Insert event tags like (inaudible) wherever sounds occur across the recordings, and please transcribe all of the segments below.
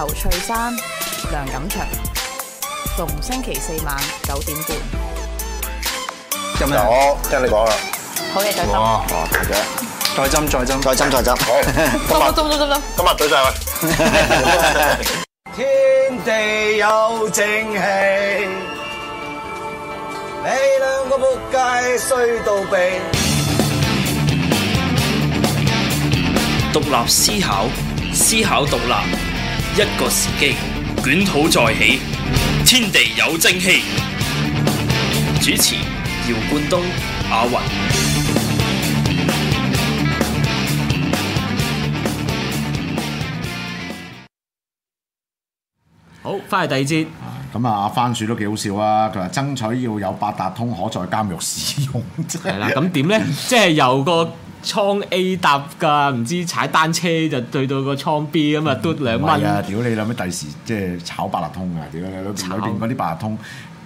侯翠珊、梁錦祥，逢星期四晚九點半。今日我聽你講啦。哇好嘢，再斟，哇哇，再斟，再斟！再斟，再斟。好，今日天，今日，對晒位。天地有正氣，你兩個仆街，衰到病。獨立思考，思考獨立。一個時機，捲土再起，天地有精氣。主持：姚冠東、阿雲。好，翻嚟第二節。咁啊，番薯都幾好笑啊！佢話爭取要有八達通可在監獄使用。係啦，咁點咧？即係 (laughs) 由個。倉 A 搭㗎，唔知踩單車就對到個倉 B 咁啊、嗯，嘟兩蚊。啊，屌你啦！咩第時即係炒八達通啊？屌你，嗰邊嗰啲八達通，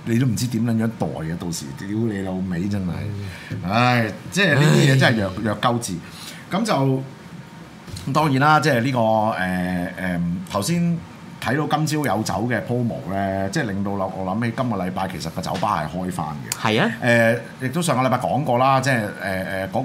你都唔知點撚樣袋啊！到時，屌你老味，真係，唉，即係呢啲嘢真係弱弱鳩字。咁唉就咁當然啦，即係呢、呢個誒誒頭先。呃呃睇到今朝有酒嘅 promo 咧，即係令到我我諗起今個禮拜其實個酒吧係開翻嘅。係啊，誒亦、呃、都上個禮拜講過啦，即係誒誒嗰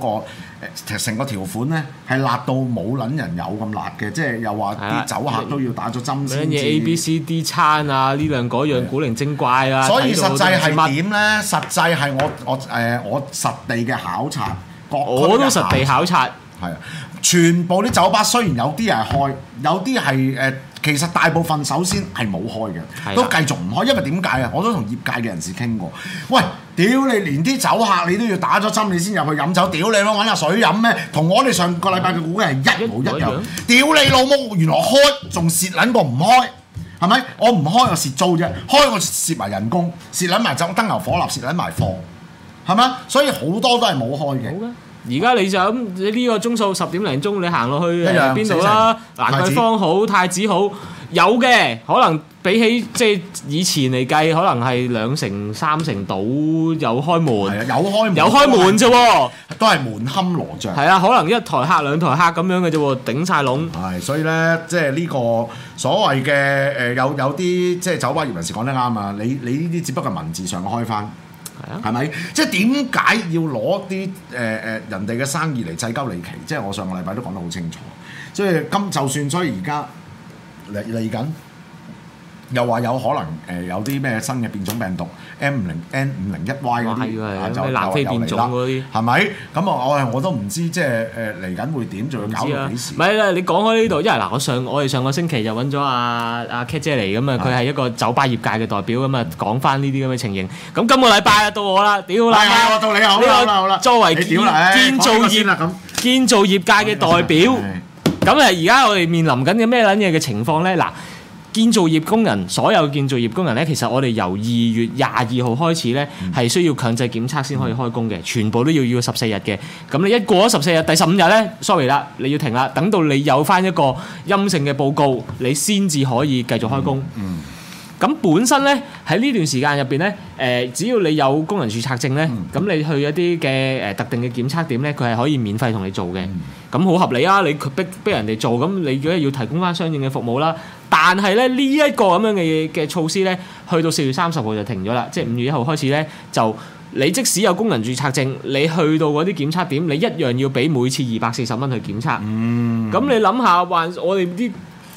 個成個條款咧係辣到冇撚人有咁辣嘅，即係又話啲酒客都要打咗針先。乜嘢、啊、A、B、C、D 餐啊？呢兩嗰樣、啊、古靈精怪啊。所以實際係點咧？實際係我我誒、呃、我實地嘅考察。我，我都實地考察係啊，啊，全部啲酒吧雖然有啲係開，有啲係誒。其實大部分首先係冇開嘅，都繼續唔開，因為點解啊？我都同業界嘅人士傾過，喂，屌你連啲酒客你都要打咗針你先入去飲酒，屌你囉，揾下水飲咩？同我哋上個禮拜嘅估計係一模一樣。屌你老母，原來開仲蝕撚過唔開，係咪？我唔開我蝕租啫，開我蝕埋人工，蝕撚埋酒燈油火蠟，蝕撚埋貨，係咪？所以好多都係冇開嘅。而家你想你呢、這個鐘數十點零鐘，你行落去邊度啦？蘭桂坊好，太子，太子好，有嘅可能比起即係以前嚟計，可能係兩成三成到有開門。係啊，有開門有開門啫，都係門堪羅雀。係啊，可能一台客兩台客咁樣嘅啫喎，頂晒籠。係，所以咧，即係呢個所謂嘅誒，有有啲即係酒吧業人士講得啱啊！你你呢啲只不過文字上開返。係咪、嗯？即係點解要攞啲誒誒人哋嘅生意嚟製鳩你？期？即係我上個禮拜都講得好清楚。即係今就算所以而家嚟嚟緊。又話有可能誒有啲咩新嘅變種病毒 M 零 N 五零一 Y 嗰啲，南非變種嗰啲，就又嚟啦，係咪？咁啊，我我都唔知即係誒嚟緊會點，仲唔知啦。唔係，你講開呢度，因為嗱，我上我哋上個星期就揾咗阿阿 Kate 姐嚟咁啊，佢係一個酒吧業界嘅代表咁啊，講翻呢啲咁嘅情形。咁今個禮拜到我啦，屌，禮拜我到你，好啦好啦，作為建造業建造業界嘅代表，咁啊，而家我哋面臨緊嘅咩撚嘢嘅情況咧？嗱。建造業工人，所有建造業工人咧，其實我哋由二月廿二號開始咧，係、嗯、需要強制檢測先可以開工嘅，嗯、全部都要要十四日嘅。咁你一過咗十四日，第十五日咧，sorry 啦，你要停啦，等到你有返一個陰性嘅報告，你先至可以繼續開工。嗯嗯咁本身咧喺呢段時間入邊咧，誒，只要你有工人註冊證咧，咁你去一啲嘅誒特定嘅檢測點咧，佢係可以免費同你做嘅，咁好合理啊！你逼逼人哋做，咁你如果要提供翻相應嘅服務啦，但係咧呢一個咁樣嘅嘢嘅措施咧，去到四月三十號就停咗啦，即係五月一號開始咧，就你即使有工人註冊證，你去到嗰啲檢測點，你一樣要俾每次二百四十蚊去檢測。嗯，咁你諗下，還我哋啲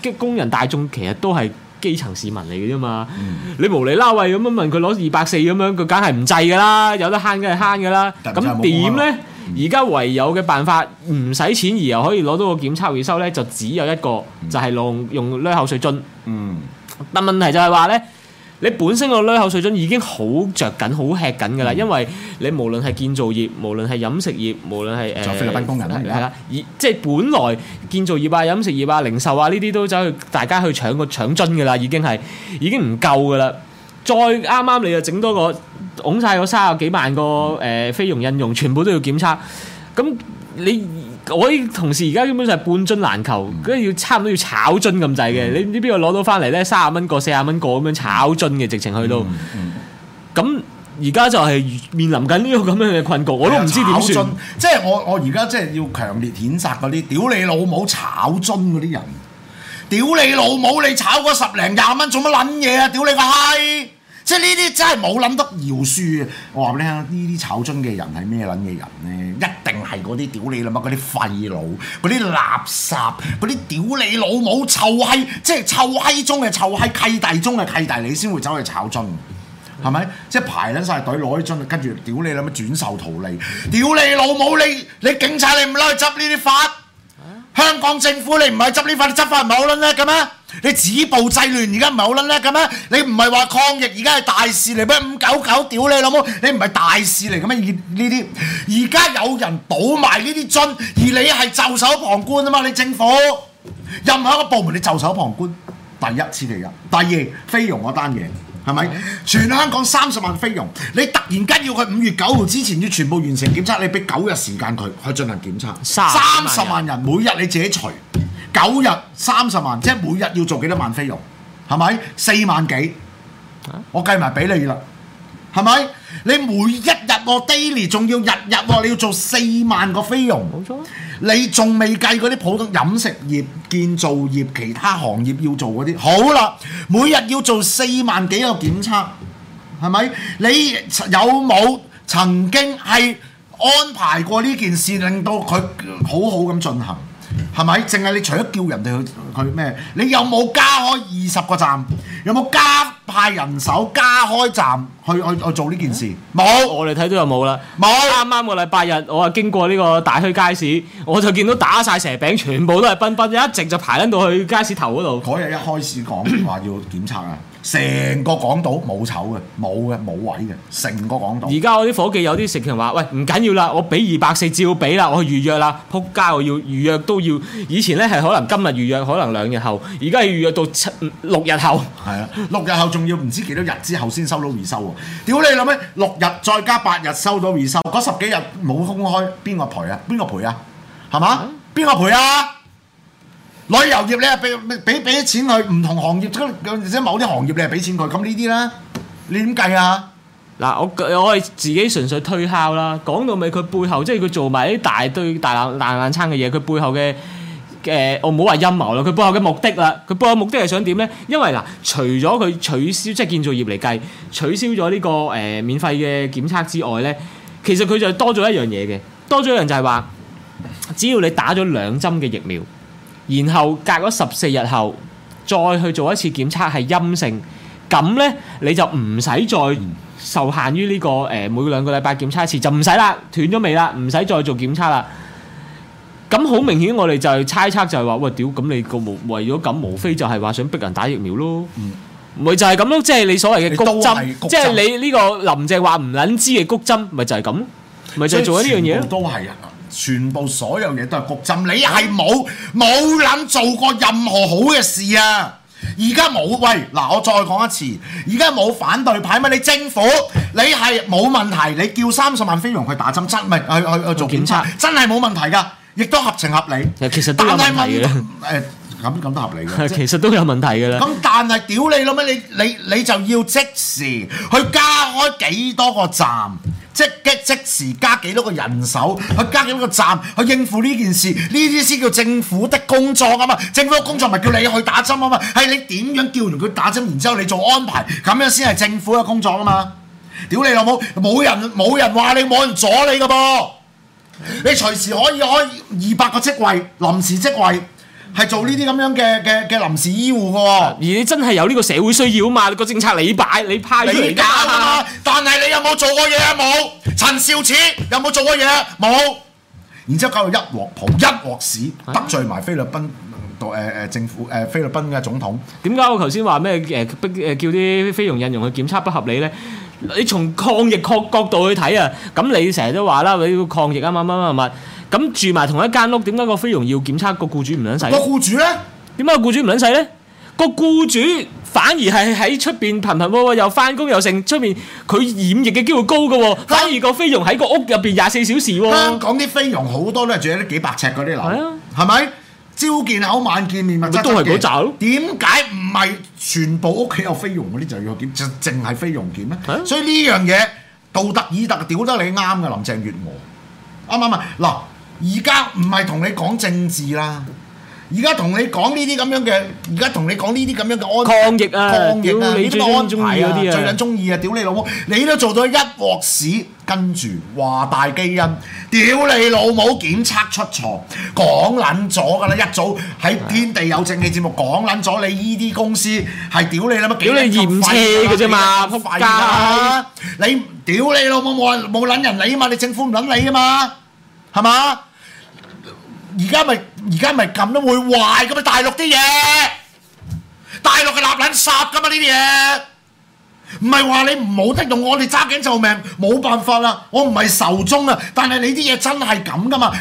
嘅工人大眾其實都係。基層市民嚟嘅啫嘛，嗯、你無理啦喂，咁樣問佢攞二百四咁樣，佢梗係唔制㗎啦，有得慳梗係慳㗎啦。咁點咧？而家、嗯、唯有嘅辦法唔使錢而又可以攞到個檢測回收咧，就只有一個，就係、是、用、嗯、用攣口水樽。嗯，但問題就係話咧。你本身個攞口水樽已經好著緊、好吃緊㗎啦，因為你無論係建造業、無論係飲食業、無論係誒菲律賓工人啦，係啦，即係本來建造業啊、飲食業啊、零售啊呢啲都走去大家去搶個搶樽㗎啦，已經係已經唔夠㗎啦，再啱啱你又整多個㧬曬個三十幾萬個誒菲傭印傭，全部都要檢測，咁你。我啲同事而家基本上係半樽難求，跟住要差唔多要炒樽咁滯嘅，嗯、你你邊個攞到翻嚟咧？三十蚊個、四十蚊個咁樣炒樽嘅，直情去到。咁而家就係面臨緊呢個咁樣嘅困局，嗯、我都唔知點算。即係我我而家即係要強烈譴責嗰啲屌你老母炒樽嗰啲人，屌你老母你炒嗰十零廿蚊做乜撚嘢啊！屌你個閪！即係呢啲真係冇諗得饒恕嘅，我話畀你聽呢啲炒樽嘅人係咩撚嘅人咧？一定係嗰啲屌你啦乜嗰啲廢佬、嗰啲垃圾、嗰啲屌你老母臭閪，即係臭閪中嘅臭閪契弟中嘅契弟，你先會走去炒樽，係咪？即係排撚晒隊攞啲樽，跟住屌你啦乜轉售圖利，屌你老母你你警察你唔攞去執呢啲法？香港政府，你唔係執呢塊，你執法唔係好撚叻嘅咩？你止暴制亂而家唔係好撚叻嘅咩？你唔係話抗疫而家係大事嚟咩？五九九屌你老母！你唔係大事嚟嘅咩？而呢啲而家有人倒埋呢啲樽，而你係袖手旁觀啊嘛！你政府任何一個部門你袖手旁觀，第一次嚟噶，第二菲傭嗰單嘢。係咪？全香港三十萬菲傭，你突然間要佢五月九號之前要全部完成檢測，你俾九日時間佢去進行檢測。三十萬人每日你自己除九日三十萬，即係每日要做幾多萬菲傭？係咪？四萬幾？我計埋俾你啦。係咪？你每一日喎 daily 仲要日日喎，你要做四萬個菲傭，冇錯。你仲未計嗰啲普通飲食業、建造業、其他行業要做嗰啲，好啦，每日要做四萬幾個檢測，係咪？你有冇曾經係安排過呢件事，令到佢好好咁進行？係咪？淨係你除咗叫人哋去去咩？你有冇加開二十個站？有冇加派人手加開站去去去做呢件事？冇咦，我哋睇到有冇啦。冇。啱 (noise) 啱樂個禮拜日，我啊經過呢個大墟街市，我就見到打晒蛇餅，全部都係奔奔，一直就排緊到去街市頭嗰度。嗰日一開始講話要檢測啊！ (coughs) 成個港島冇籌嘅，冇嘅，冇位嘅，成個港島。而家我啲伙計有啲食權話：，喂，唔緊要啦，我俾二百四照要俾啦，我去預約啦，撲街！我要預約都要，以前呢係可能今日預約，可能兩日後，而家係預約到七六日後。係啊，六日後仲要唔知幾多日之後先收到預收喎？屌 (laughs) 你諗咩？六日再加八日收到預收，嗰十幾日冇公開，邊個賠啊？邊個賠啊？係嘛？邊個賠啊？旅遊業咧，俾俾俾啲錢佢唔同行業，即某啲行業你，你係俾錢佢咁呢啲啦。你點計啊？嗱，我我可以自己純粹推敲啦。講到尾，佢背後即係佢做埋一大堆大冷大冷餐嘅嘢，佢背後嘅誒、呃，我唔好話陰謀啦。佢背後嘅目的啦，佢背後目的係想點咧？因為嗱，除咗佢取消即係建造業嚟計取消咗呢個誒、呃、免費嘅檢測之外咧，其實佢就多咗一樣嘢嘅，多咗一樣就係話，只要你打咗兩針嘅疫苗。然後隔咗十四日後再去做一次檢測係陰性，咁咧你就唔使再受限於呢個誒每兩個禮拜檢測一次就唔使啦，斷咗尾啦，唔使再做檢測啦。咁好明顯，我哋就係猜測就係話，喂屌！咁你個無為咗咁，無非就係話想逼人打疫苗咯。唔咪就係咁咯，即係你所謂嘅谷針，即係你呢個林鄭話唔撚知嘅谷針，咪就係咁，咪就係做緊呢樣嘢。全部所有嘢都係焗針，你係冇冇諗做過任何好嘅事啊？而家冇，喂，嗱，我再講一次，而家冇反對派嘛？你政府你係冇問題，你叫三十萬菲傭去打針測，唔係去去，去做檢查，真係冇問題㗎，亦都合情合理。其實但係是問 (laughs) 咁咁合理嘅，其實都有問題嘅啦。咁但係屌你老母，你你你就要即時去加開幾多個站，即即即時加幾多個人手去加幾多個站去應付呢件事？呢啲先叫政府的工作啊嘛！政府嘅工作咪叫你去打針啊嘛？係你點樣叫完佢打針，然之後你做安排，咁樣先係政府嘅工作啊嘛！屌你老母，冇人冇人話你，冇人阻你嘅噃。你隨時可以開二百個職位，臨時職位。係做呢啲咁樣嘅嘅嘅臨時醫護嘅、啊、而你真係有呢個社會需要啊嘛，個政策你擺你派出嚟搞嘛，但係你有冇做過嘢啊冇？陳肇始有冇做過嘢冇、啊？然之後搞到一鑊泡一鑊屎，得罪埋菲律賓度誒、呃、政府誒、呃、菲律賓嘅總統。點解我頭先話咩誒逼誒叫啲菲傭印傭去檢測不合理咧？你從抗疫確角度去睇啊，咁你成日都話啦，你要抗疫啊嘛嘛嘛嘛。咁住埋同一間屋，點解個菲傭要檢測？個僱主唔撚使。個僱主咧，點解個僱主唔撚使咧？個僱主反而係喺出邊頻頻喎喎，又翻工又剩，出面佢染疫嘅機會高嘅喎。反而個菲傭喺個屋入邊廿四小時喎。香港啲菲傭好多都係住喺啲幾百尺嗰啲樓，係咪、啊、朝見口晚見面咪都係嗰扎咯？點解唔係全部屋企有菲傭嗰啲就要檢，就淨係菲傭檢咧？啊、所以呢樣嘢道特爾特屌得你啱嘅，林鄭月娥啱啱啱？嗱。嗯嗯嗯嗯嗯嗯嗯嗯而家唔係同你講政治啦，而家同你講呢啲咁樣嘅，而家同你講呢啲咁樣嘅抗疫啊，抗疫啊，呢個安排啊，最撚中意啊，屌你老母，你都做咗一鑊屎，跟住話大基因，屌你老母檢測出錯，講撚咗㗎啦，一早喺天地有正氣節目講撚咗，你依啲公司係屌你啦嘛，檢測廢㗎啫嘛，你屌你老母冇冇撚人理啊嘛，你政府唔撚你啊嘛，係嘛？而家咪而家咪咁都會壞噶嘛，大陸啲嘢，大陸係攬撚圾噶嘛，呢啲嘢，唔係話你唔好得用，我哋揸頸就命冇辦法啦，我唔係仇中啊，但係你啲嘢真係咁噶嘛。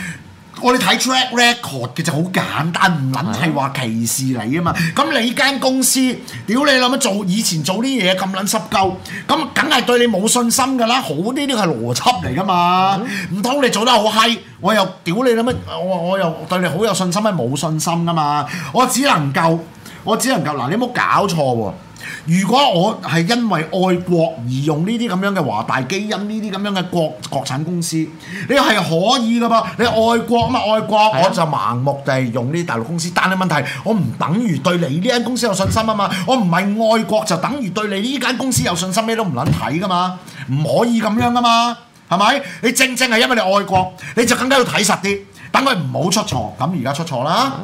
我哋睇 track record 嘅就好簡單，唔撚係話歧視你啊嘛。咁是的 你間公司，屌你諗乜做？以前做啲嘢咁撚濕鳩，咁梗係對你冇信心噶啦。好呢啲係邏輯嚟噶嘛，唔通是的 你做得好閪，我又屌你諗乜？我我又對你好有信心咩？冇信心噶嘛。我只能夠，我只能夠嗱、啊，你冇搞錯喎、啊。如果我係因為愛國而用呢啲咁樣嘅華大基因呢啲咁樣嘅國國產公司，你係可以噶噃？你愛國嘛？愛國、啊、我就盲目地用呢啲大陸公司，但係問題我唔等於對你呢間公司有信心啊嘛！我唔係愛國就等於對你呢間公司有信心咩都唔撚睇噶嘛？唔可以咁樣噶嘛？係咪？你正正係因為你愛國，你就更加要睇實啲，等佢唔好出錯。咁而家出錯啦。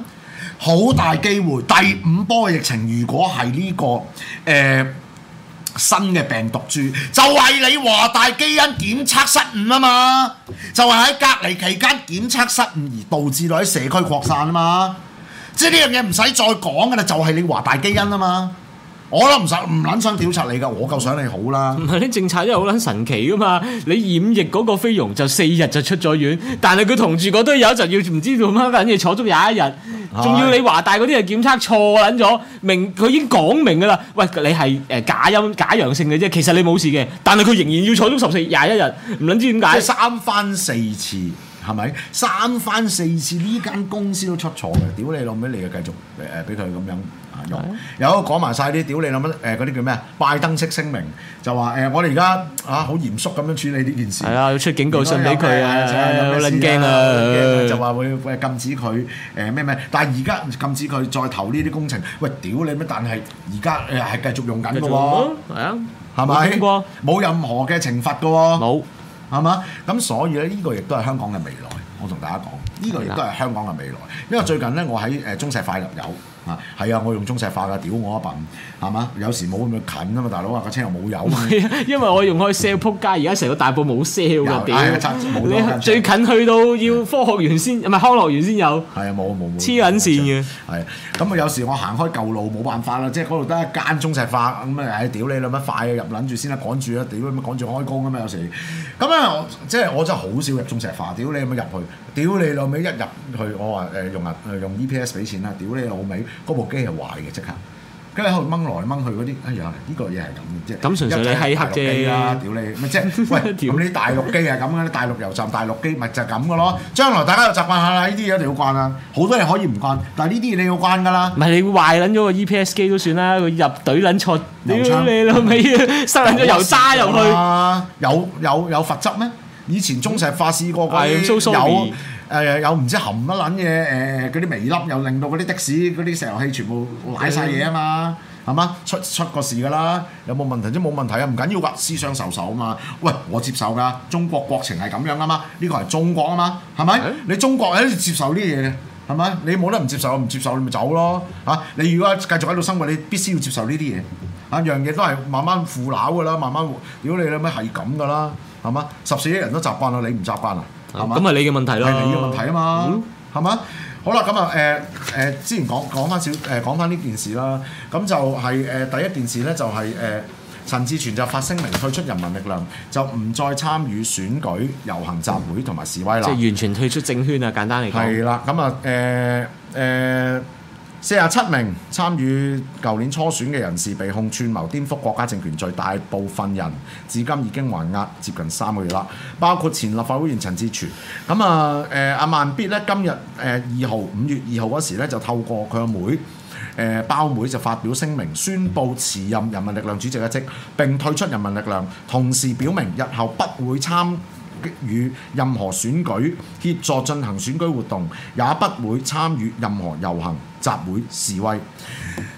好大機會，第五波嘅疫情如果係呢、這個誒、呃、新嘅病毒株，就係、是、你華大基因檢測失誤啊嘛，就係、是、喺隔離期間檢測失誤而導致到喺社區擴散啊嘛，即係呢樣嘢唔使再講㗎喇，就係、是、你華大基因啊嘛。我都唔使唔撚想調查你噶，我夠想你好啦。唔係啲政策真係好撚神奇噶嘛！你染疫嗰個菲傭就四日就出咗院，但係佢同住嗰堆友就要唔知做乜撚嘢坐足廿一日，仲要你華大嗰啲係檢測錯撚咗，明佢已經講明噶啦。喂，你係誒假陰假陽性嘅啫，其實你冇事嘅，但係佢仍然要坐足十四廿一日，唔撚知點解？即係三番四次係咪？三番四次呢間公司都出錯嘅，屌 (music) 你老味！你，你，你，你繼續誒誒俾佢咁樣。有講埋曬啲屌，你諗乜誒嗰啲叫咩啊？拜登式聲明就話誒，我哋而家啊好嚴肅咁樣處理呢件事。係啊，要出警告信俾佢，好撚驚啊！就話會會禁止佢誒咩咩，但係而家禁止佢再投呢啲工程。喂，屌你咩？但係而家誒係繼續用緊㗎喎，係啊，係咪？冇聽過，冇任何嘅懲罰㗎喎，冇係嘛？咁所以咧，呢個亦都係香港嘅未來。我同大家講，呢個亦都係香港嘅未來。因為最近咧，我喺誒中石快入有。啊，係啊，我用中石化噶，屌我啊笨，係嘛？有時冇咁樣近啊嘛，大佬啊，架車又冇油。 (laughs) 因為我用開 Shell 撲街，而家成個大埔冇 Shell 啊，有屌！哎、你最近去到要科學園先，唔係、啊啊、康樂園先有。係啊，冇冇黐撚線嘅。係、啊，咁啊有時我行開舊路冇辦法啦，即係嗰度得一間中石化，咁、嗯、啊、哎、屌你啦，乜快啊入撚住先啦，趕住啊屌你，咁趕住開工啊嘛有時。咁啊，即係我真係好少入中石化，屌你有乜入去？屌你老味一入去，我話誒用啊用 EPS 俾錢啦！屌你老味嗰部機係壞嘅，即刻，跟住後掹來掹去嗰啲，哎呀呢個嘢係咁嘅，即係咁純粹你係大陸機啦！屌你，咪即係喂咁啲大陸機係咁嘅，大陸油站大陸機咪就係咁嘅咯。將來大家又習慣下啦，呢啲嘢一定要慣啦。好多嘢可以唔慣，但係呢啲嘢你要慣㗎啦。唔係你壞撚咗個 EPS 機都算啦，入隊撚錯，屌你老味，生撚咗油渣落去，有有有罰則咩？以前中石化試過嗰啲有誒、哎呃、有唔知含乜撚嘢誒嗰啲微粒，又令到嗰啲的士嗰啲石油氣全部攋晒嘢啊嘛，係咪、嗯、出出個事噶啦，有冇問題啫？冇問題啊，唔緊要噶，私相授受啊嘛。喂，我接受噶，中國國情係咁樣啊嘛，呢個係中國啊嘛，係咪？嗯、你中國誒接受呢啲嘢係咪？你冇得唔接受？唔接受你咪走咯嚇、啊。你如果繼續喺度生活，你必須要接受呢啲嘢啊。樣嘢都係慢慢腐朽噶啦，慢慢屌你老味係咁噶啦。十四億人都習慣啦，你唔習慣啊？咁咪係嘛？你嘅問題啦。你嘅問題啊嘛？係嘛、嗯？好啦，咁啊誒誒，之前講講翻少誒，講翻呢件事啦。咁就係、是、誒、呃、第一件事咧、就是，就係誒陳志全就發聲明退出人民力量，就唔再參與選舉遊行集會同埋示威啦、嗯。即係完全退出政圈啊！簡單嚟講。係啦，咁啊誒誒。呃呃四十七名參與舊年初選嘅人士被控串謀顛覆國家政權罪，大部分人至今已經還押接近三個月啦。包括前立法會議員陳志全咁、嗯、啊，誒、啊、阿萬必咧，今日誒二號，五月二號嗰時咧，就透過佢阿妹誒、啊、包妹就發表聲明，宣布辭任人民力量主席一職並退出人民力量，同時表明日後不會參。與任何選舉協助進行選舉活動，也不會參與任何遊行集會示威。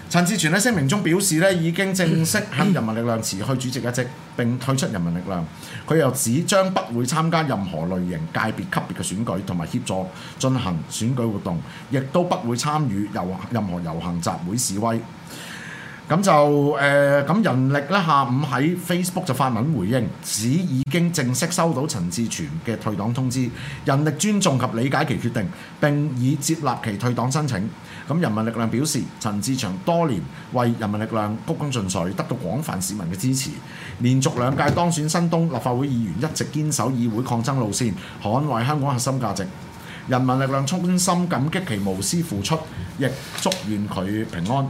陳志全喺聲明中表示咧，已經正式向人民力量辭去主席一職，並退出人民力量。佢又指將不會參加任何類型界別級別嘅選舉，同埋協助進行選舉活動，亦都不會參與遊任何遊行集會示威。咁就誒，咁人力咧下午喺 Facebook 就發文回應，指已經正式收到陳志全嘅退黨通知，人力尊重及理解其決定，並已接納其退黨申請。咁人民力量表示，陳志全多年為人民力量鞠躬盡瘁，得到廣泛市民嘅支持，連續兩屆當選新東立法會議員，一直堅守議會抗爭路線，捍衞香港核心價值。人民力量衷心感激其無私付出，亦祝願佢平安。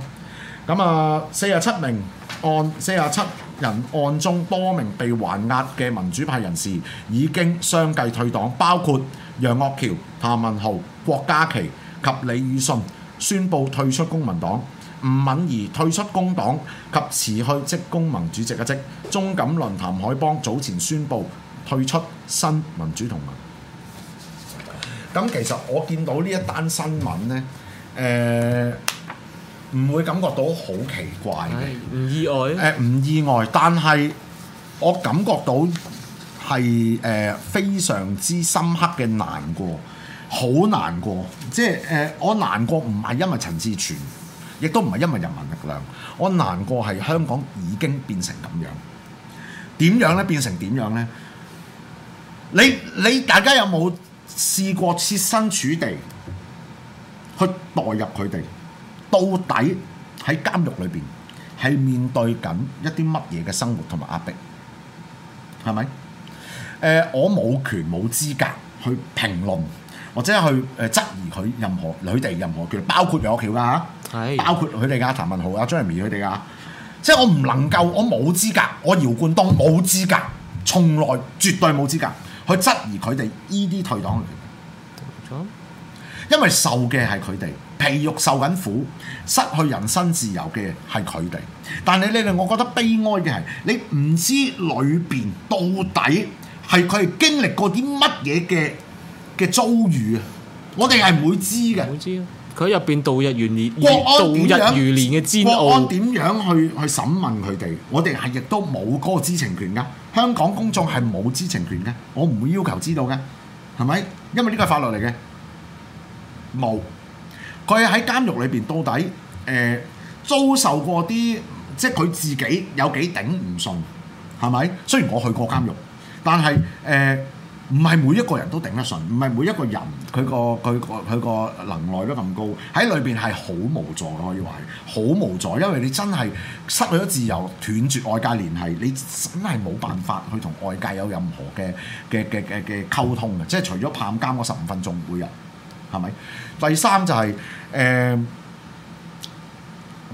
咁啊，四十七名案，四十七人案中多名被還押嘅民主派人士已經相繼退黨，包括楊岳橋、譚文豪、郭家麒及李予信，宣布退出公民黨；吳敏兒退出工黨及辭去職工盟主席一職。鍾錦麟、譚凱邦早前宣布退出新民主同盟。咁其實我見到呢一單新聞呢，誒。唔會感覺到好奇怪，唔意外。誒、呃，唔意外，但係我感覺到係誒、呃、非常之深刻嘅難過，好難過。即係誒、呃，我難過唔係因為陳志全，亦都唔係因為人民力量。我難過係香港已經變成咁樣。點樣咧？變成點樣咧？你你大家有冇試過設身處地去代入佢哋？到底喺監獄裏邊係面對緊一啲乜嘢嘅生活同埋壓迫，係咪？誒、呃，我冇權冇資格去評論或者去誒質疑佢任何佢哋任何嘅，包括梁國橋㗎、啊，係是包括佢哋阿譚文豪啊、啊，Jeremy 佢哋㗎，即係我唔能夠，我冇資格，我姚冠東冇資格，從來絕對冇資格去質疑佢哋依啲退黨嚟。因為受嘅係佢哋皮肉受緊苦，失去人身自由嘅係佢哋。但係你哋，我覺得悲哀嘅係你唔知裏邊到底係佢係經歷過啲乜嘢嘅嘅遭遇啊！我哋係唔會知嘅。唔會知啊！佢入邊度日如年，度日如年嘅煎熬點樣？國安點樣去去審問佢哋？我哋係亦都冇嗰個知情權噶。香港公眾係冇知情權嘅，我唔會要求知道嘅，係咪？因為呢個係法律嚟嘅。冇，佢喺監獄裏邊到底誒、呃、遭受過啲，即係佢自己有幾頂唔順，係咪？雖然我去過監獄，但係誒唔係每一個人都頂得順，唔係每一個人佢個佢個佢個能耐都咁高，喺裏邊係好無助可以話，好無助，因為你真係失去咗自由，斷絕外界聯繫，你真係冇辦法去同外界有任何嘅嘅嘅嘅嘅溝通嘅，即係除咗探監嗰十五分鐘會有，係咪？第三就係、是、誒、呃，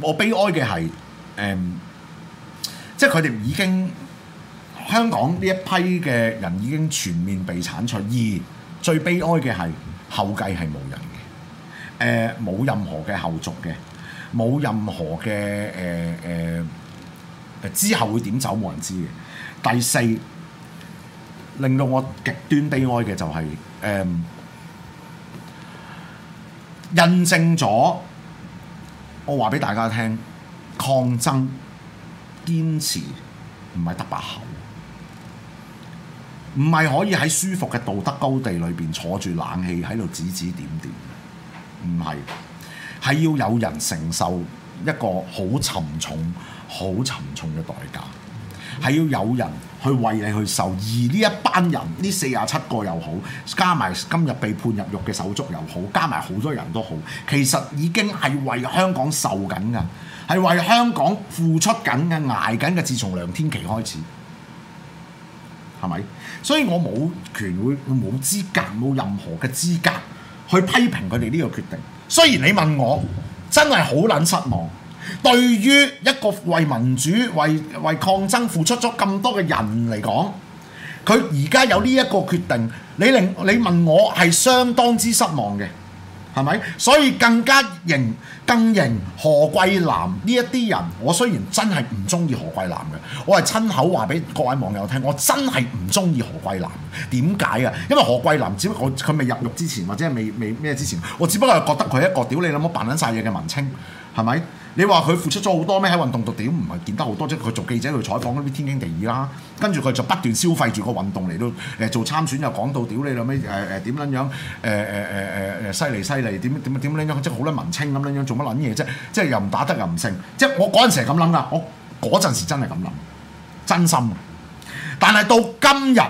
我悲哀嘅係誒，即係佢哋已經香港呢一批嘅人已經全面被鏟除。二最悲哀嘅係後繼係冇人嘅，誒、呃、冇任何嘅後續嘅，冇任何嘅誒誒，之後會點走冇人知嘅。第四令到我極端悲哀嘅就係、是、誒。呃印證咗，我話俾大家聽，抗爭堅持唔係得把口，唔係可以喺舒服嘅道德高地裏邊坐住冷氣喺度指指點點，唔係，係要有人承受一個好沉重、好沉重嘅代價，係要有人。去為你去受，而呢一班人，呢四十七個又好，加埋今日被判入獄嘅手足又好，加埋好多人都好，其實已經係為香港受緊嘅，係為香港付出緊嘅、捱緊嘅。自從梁天琦開始，係咪？所以我冇權，會冇資格，冇任何嘅資格去批評佢哋呢個決定。雖然你問我，真係好撚失望。對於一個為民主、為為抗爭付出咗咁多嘅人嚟講，佢而家有呢一個決定，你令你問我係相當之失望嘅，係咪？所以更加認更認何桂藍呢一啲人，我雖然真係唔中意何桂藍嘅，我係親口話俾各位網友聽，我真係唔中意何桂藍。點解啊？因為何桂藍只不過佢未入獄之前，或者係未未咩之前，我只不過係覺得佢係一個屌你老母扮撚晒嘢嘅文青，係咪？你話佢付出咗好多咩？喺運動度屌唔係見得好多？即係佢做記者去採訪嗰啲天經地義啦。跟住佢就不斷消費住個運動嚟到誒做參選又講到屌你啦咩誒誒點撚樣誒誒誒誒誒犀利犀利點點點撚樣，樣即係好撚文青咁撚樣做乜撚嘢啫？即係又唔打得又唔勝。即係我嗰陣時係咁諗㗎，我嗰陣時真係咁諗，真心。但係到今日，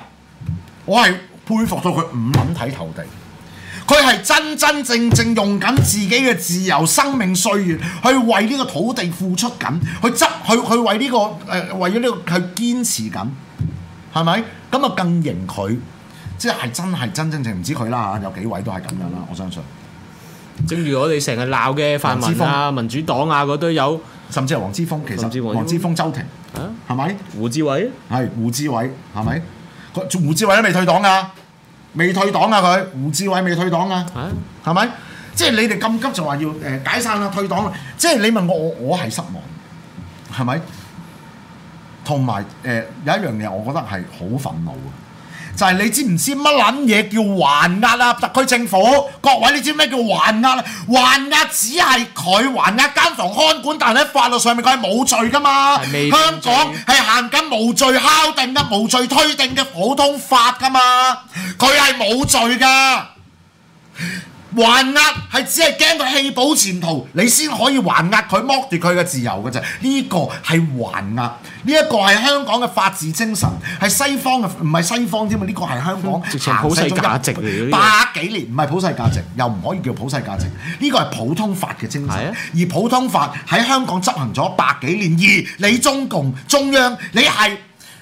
我係佩服到佢唔五體投地。佢係真真正正，正用緊自己嘅自由生命歲月去為呢個土地付出緊，去執去去為呢、這個誒為咗、這、呢個、這個、去堅持緊，係咪？咁啊更認佢，即、就、係、是、真係真真正唔知佢啦嚇，有幾位都係咁樣啦，我相信。正如我哋成日鬧嘅泛民啊、民主黨啊嗰堆有，甚至係黃之鋒，其實黃之鋒、之周庭，係咪、啊？胡志偉係胡志偉，係咪？胡志偉都未退黨㗎。未退黨啊！佢胡志偉未退黨啊！係咪、啊？即係你哋咁急就話要誒解散啦、啊、退黨啦、啊！即係你問我，我，我係失望，係咪？同埋誒有一樣嘢，我覺得係好憤怒啊！就係你知唔知乜撚嘢叫還押啦、啊？特區政府，各位你知咩叫還押咧？還押只係佢還押監房看管，但喺法律上面佢係冇罪噶嘛？香港係行緊無罪敲定嘅、無罪推定嘅普通法噶嘛？佢係冇罪㗎。 (laughs) 還押係只係驚佢棄保潛逃，你先可以還押佢剝奪佢嘅自由嘅啫。呢個係還押，呢一個係香港嘅法治精神，係西方嘅，唔係西方添啊！呢個係香港普世價值，百幾年，唔係普世價值，又唔可以叫普世價值。呢個係普通法嘅精神，啊、而普通法喺香港執行咗百幾年，而你中共中央，你係。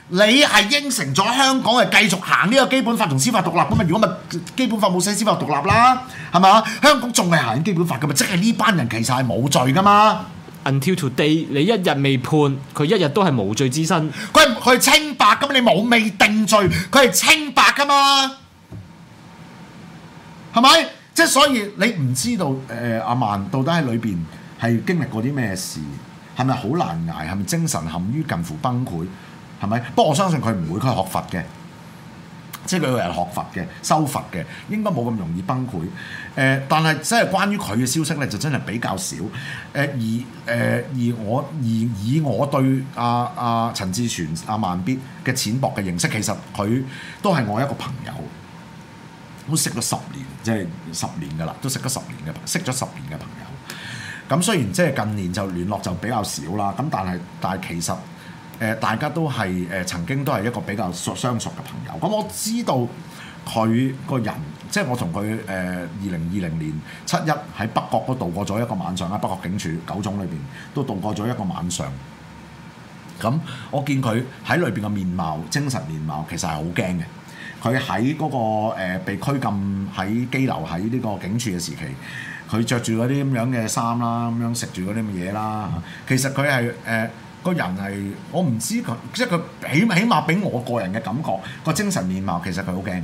你係應承咗香港係繼續行呢個基本法同司法獨立㗎嘛？如果咪基本法冇寫司法獨立啦，係嘛？香港仲係行基本法㗎嘛？即係呢班人其實係冇罪噶嘛？Until today，你一日未判，佢一日都係無罪之身。佢係佢係清白㗎嘛，你冇未定罪，佢係清白噶嘛？係咪？即係所以你唔知道誒阿曼到底喺裏邊係經歷過啲咩事？係咪好難捱？係咪精神陷於近乎崩潰？係咪？不過我相信佢唔會，佢係學佛嘅，即係佢係學佛嘅、修佛嘅，應該冇咁容易崩潰。誒、呃，但係即係關於佢嘅消息呢，就真係比較少。誒、呃、而誒、呃、而我而以我對阿阿、啊啊、陳志全阿、啊、慢必嘅淺薄嘅認識，其實佢都係我一個朋友，都識咗十年，即係十年㗎啦，都識咗十年嘅，識咗十年嘅朋友。咁雖然即係近年就聯絡就比較少啦，咁但係但係其實。誒、呃、大家都係誒、呃、曾經都係一個比較相熟嘅朋友，咁、嗯、我知道佢個人，即係我同佢誒二零二零年七一喺北角嗰度過咗一個晚上啦，北角警署九總裏邊都度過咗一個晚上。咁、嗯、我見佢喺裏邊嘅面貌、精神面貌其實係好驚嘅。佢喺嗰個、呃、被拘禁喺羈留喺呢個警署嘅時期，佢着住嗰啲咁樣嘅衫啦，咁樣食住嗰啲咁嘅嘢啦，其實佢係誒。呃個人係我唔知佢，即係佢起起碼俾我個人嘅感覺，個精神面貌其實佢好驚嘅。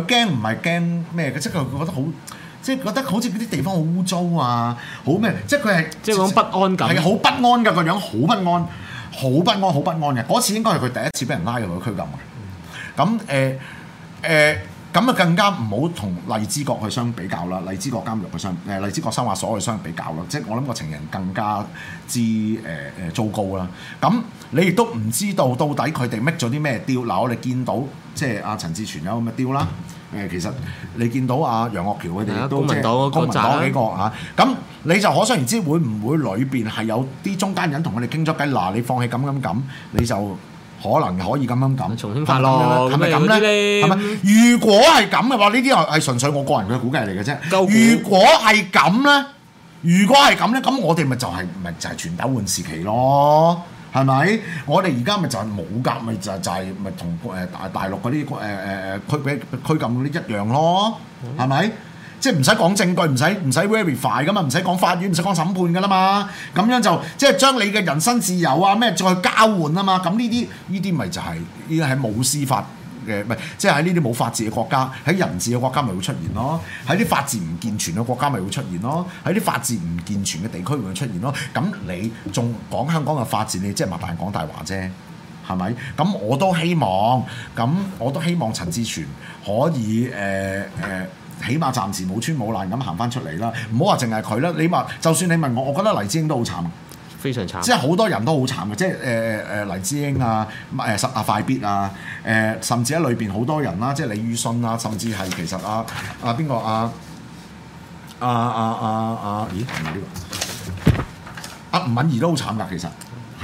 佢驚唔係驚咩嘅，即係佢覺，覺得好、啊，即係覺得好似嗰啲地方好污糟啊，好咩？即係佢係即係嗰種不安感，係好不安㗎個樣，好不安，好不安，好不安嘅。嗰次應該係佢第一次俾人拉入個區㗎嘛。咁誒誒。呃呃咁啊，更加唔好同荔枝角去相比較啦，荔枝角監獄去相誒荔枝角生化所去相比較啦，即係我諗個情形更加之誒誒糟糕啦。咁、呃呃、你亦都唔知道到底佢哋搣咗啲咩雕。嗱、呃，我哋見到即係阿陳志全有咁嘅雕啦。誒、呃，其實你見到阿楊岳橋佢哋都明到、啊、公民黨、啊、幾個嚇。咁、啊、你就可想而知，會唔會裏邊係有啲中間人同佢哋傾咗偈？嗱、啊，你放棄咁咁咁，你就。可能可以咁樣咁，係咪咁咧？係咪？如果係咁嘅話，呢啲係係純粹我個人嘅估計嚟嘅啫。如果係咁咧，如果係咁咧，咁我哋咪就係咪就係全斗煥時期咯？係咪？我哋而家咪就係冇㗎，咪就就係咪同誒大大陸嗰啲誒誒誒拘俾拘禁嗰啲一樣咯？係咪？即係唔使講證據，唔使唔使 verify 㗎嘛，唔使講法院，唔使講審判噶啦嘛，咁樣就即係將你嘅人身自由啊咩再去交換啊嘛，咁呢啲呢啲咪就係呢啲喺冇司法嘅，唔係即係喺呢啲冇法治嘅國家，喺人治嘅國家咪會出現咯，喺啲法治唔健全嘅國家咪會出現咯，喺啲法治唔健全嘅地區會出現咯，咁你仲講香港嘅法治，你即係擘大眼講大話啫，係咪？咁我都希望，咁我都希望陳志全可以誒誒。呃呃呃起碼暫時冇穿冇爛咁行翻出嚟啦，唔好話淨係佢啦。你話就算你問我，我覺得黎智英都好慘，非常慘。即係好多人都好慘嘅，即係誒誒黎智英啊，誒十啊快必啊，誒甚至喺裏邊好多人啦，即係李宇春啊，甚至係其實啊啊邊個啊啊啊啊一？咦？唔係呢個？阿吳、啊、敏儀都好慘㗎，其實。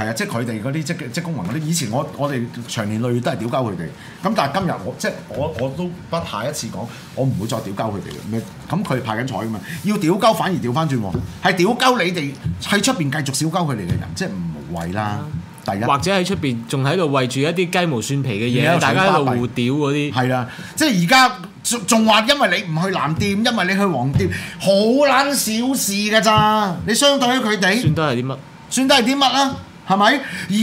係啊，即係佢哋嗰啲職職功能嗰啲。以前我我哋長年累月都係屌鳩佢哋。咁但係今日我即係我我都不下一次講，我唔會再屌鳩佢哋嘅咁。佢派緊彩㗎嘛，要屌鳩反而屌翻轉喎，係屌鳩你哋喺出邊繼續小鳩佢哋嘅人，即係唔無謂啦。第一或者喺出邊仲喺度圍住一啲雞毛蒜皮嘅嘢，啊、大家喺度互屌嗰啲係啦。即係而家仲仲話因為你唔去藍店，因為你去黃店，好撚小事㗎咋？你相對於佢哋算得係啲乜？算得係啲乜啦？係咪？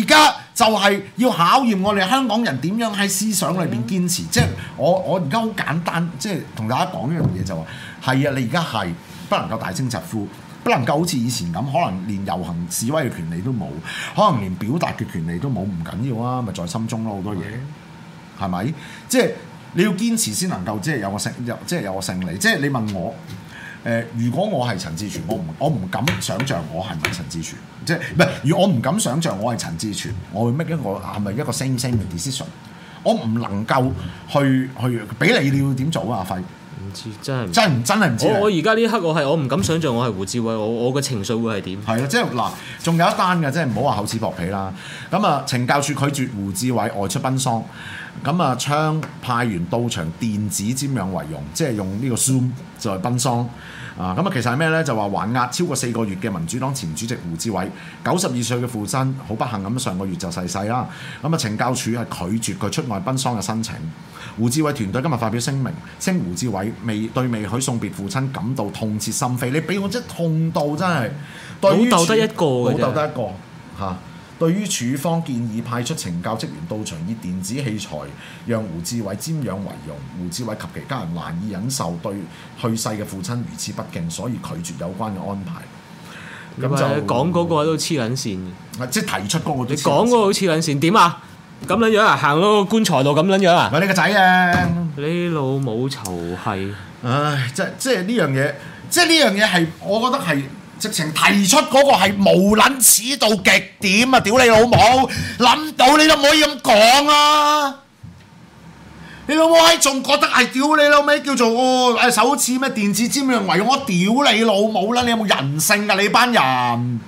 而家就係要考驗我哋香港人點樣喺思想裏邊堅持。嗯、即係我我而家好簡單，即係同大家講一樣嘢就話、係、係啊！你而家係不能夠大聲疾呼，不能夠好似以前咁，可能連遊行示威嘅權利都冇，可能連表達嘅權利都冇，唔緊要啊，咪在心中咯好多嘢。係咪、嗯？即係你要堅持先能夠即係有個勝，即係有個勝利。即係你問我。誒，如果我係陳志全，我唔我唔敢想像我係陳志全，即係唔係？如我唔敢想像我係陳志全，我會 make？我係咪一個 same same 嘅 decision？我唔能夠去去俾你，你要點做啊？阿輝，唔知真係真唔真係唔知我。我而家呢一刻，我係我唔敢想像我係胡志偉，我我嘅情緒會係點？係啊，即係嗱，仲有一單嘅，即係唔好話厚此薄彼啦。咁啊，懲教署拒絕胡志偉外出奔喪。咁啊，昌派員到場電子瞻仰遺容，即係用呢個 zoom 就係奔喪啊！咁啊，其實係咩呢？就話還押超過四個月嘅民主黨前主席胡志偉，九十二歲嘅父親，好不幸咁上個月就逝世啦。咁啊，懲教處係拒絕佢出外奔喪嘅申請。胡志偉團隊今日發表聲明，稱胡志偉未對未許送別父親感到痛徹心扉。你俾我即痛到真係，對老豆得一,一個，老豆得一個嚇。對於處方建議派出懲教職員到場以電子器材讓胡志偉瞻仰為由，胡志偉及其家人難以忍受對去世嘅父親如此不敬，所以拒絕有關嘅安排。咁就講嗰個都黐撚線，即係提出嗰個都。你講嗰個黐撚線點啊？咁樣啊樣啊，行到棺材度咁樣樣啊？喂，你個仔啊，你老母臭係！唉，即係即係呢樣嘢，即係呢樣嘢係，我覺得係。直情提出嗰個係無撚恥到極點啊！屌你老母，諗到你都唔可以咁講啊！你老母係仲覺得係屌你老味叫做誒、哦、手持咩電子尖銳為我屌你老母啦！你有冇人性啊？你班人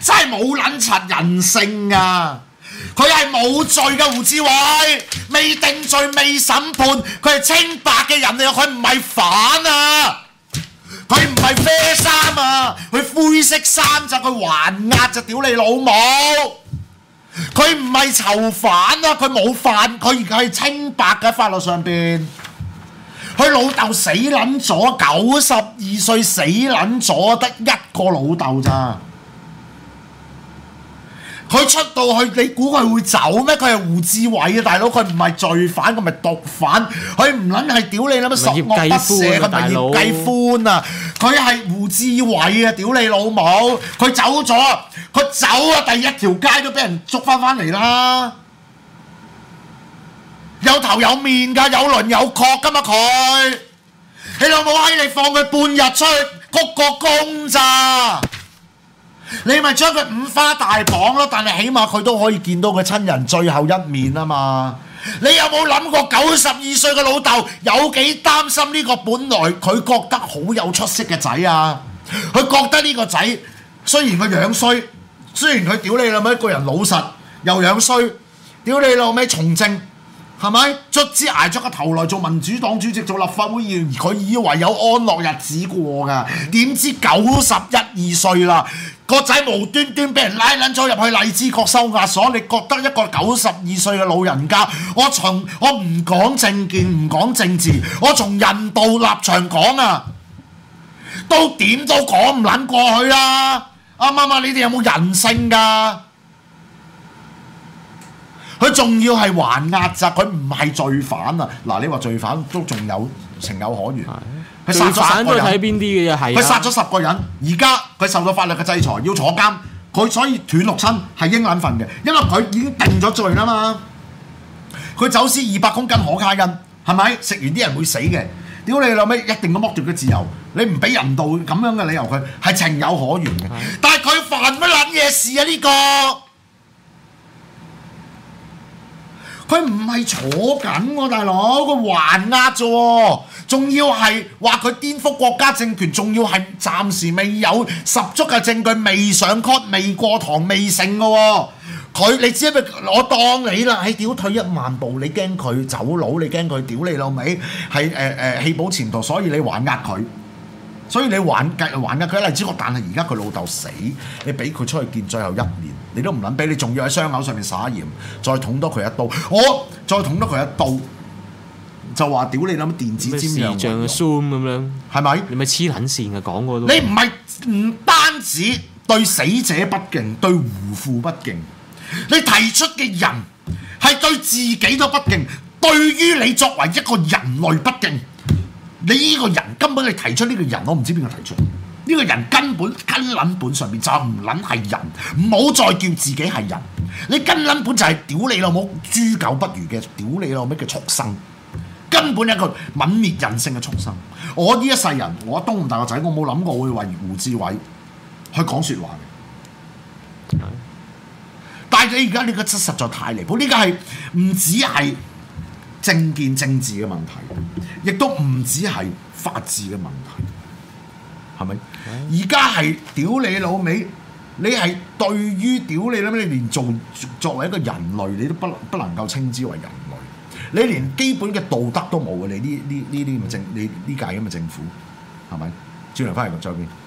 真係冇撚察人性啊！佢係冇罪嘅胡志偉，未定罪未審判，佢係清白嘅人，你佢唔係犯啊！佢唔係啡衫啊，佢灰色衫就佢還押就屌你老母！佢唔係囚犯啊，佢冇犯，佢而家係清白嘅，法律上邊。佢老豆死撚咗，九十二歲死撚咗，得一個老豆咋。佢出到去，你估佢會走咩？佢係胡志偉啊，大佬！佢唔係罪犯，佢咪毒犯？佢唔撚係屌你乜十惡不赦，佢咪葉繼寬啊！佢係胡志偉啊！屌你老母！佢走咗，佢走啊！第一條街都俾人捉翻翻嚟啦！有頭有面㗎，有輪有殼㗎嘛佢？你老母閪，你放佢半日出去，鞠個躬咋？你咪將佢五花大綁咯，但係起碼佢都可以見到佢親人最後一面啊嘛！你有冇諗過九十二歲嘅老豆有幾擔心呢個本來佢覺得好有出息嘅仔啊？佢覺得呢個仔雖然佢樣衰，雖然佢屌你老味一個人老實又樣衰，屌你老味從政，係咪？卒之捱咗個頭來做民主黨主席，做立法會議員，佢以為有安樂日子過㗎，點知九十一二歲啦～個仔無端端俾人拉撚咗入去荔枝角收押所，你覺得一個九十二歲嘅老人家，我從我唔講政見，唔講政治，我從人道立場講啊，都點都講唔撚過去啊。啱唔啱？你哋有冇人性㗎、啊？佢仲要係還押，佢唔係罪犯啊！嗱，你話罪犯都仲有情有可原。佢殺咗十個人，佢殺咗十個人，而家佢受到法律嘅制裁，要坐監。佢所以斷六親係應眼瞓嘅，因為佢已經定咗罪啦嘛。佢走私二百公斤可卡因，係咪食完啲人會死嘅？屌你老味，一定要剝奪佢自由，你唔俾人道咁樣嘅理由，佢係情有可原嘅。是的 但係佢犯乜撚嘢事啊？呢個佢唔係坐緊喎、啊，大佬，佢還押咗喎？仲要係話佢顛覆國家政權，仲要係暫時未有十足嘅證據，未上 c 未過堂，未成嘅喎、啊。佢你知係咪攞當你啦？你屌退一萬步，你驚佢走佬，你驚佢屌你老味，係誒誒棄保潛逃，所以你還押佢。所以你玩計玩㗎，佢喺荔枝角，但係而家佢老豆死，你俾佢出去見最後一面，你都唔撚俾你，仲要喺傷口上面撒鹽，再捅多佢一刀，我再捅多佢一刀，就話屌你諗電子尖銳？視像 zoom 咁樣係咪？你咪黐撚線嘅講嗰度，你唔係唔單止對死者不敬，對胡父不敬，你提出嘅人係對自己都不敬，對於你作為一個人類不敬。你呢個人根本你提出呢個人，我唔知邊個提出。呢個人根本根撚本上面就唔撚係人，唔好再叫自己係人。你根撚本就係屌你老母豬狗不如嘅屌你老母嘅畜生，根本一個泯滅人性嘅畜生。我呢一世人，我東唔大個仔，我冇諗過會為胡志偉去講説話嘅。但係你而家你個質實在太離譜，呢個係唔止係。政見政治嘅問題，亦都唔止係法治嘅問題，係咪？而家係屌你老味，你係對於屌你老味，你連做作為一個人類，你都不不能夠稱之為人類，你連基本嘅道德都冇啊！你呢呢呢啲咁嘅政，你呢屆咁嘅政府係咪？轉頭翻嚟再見。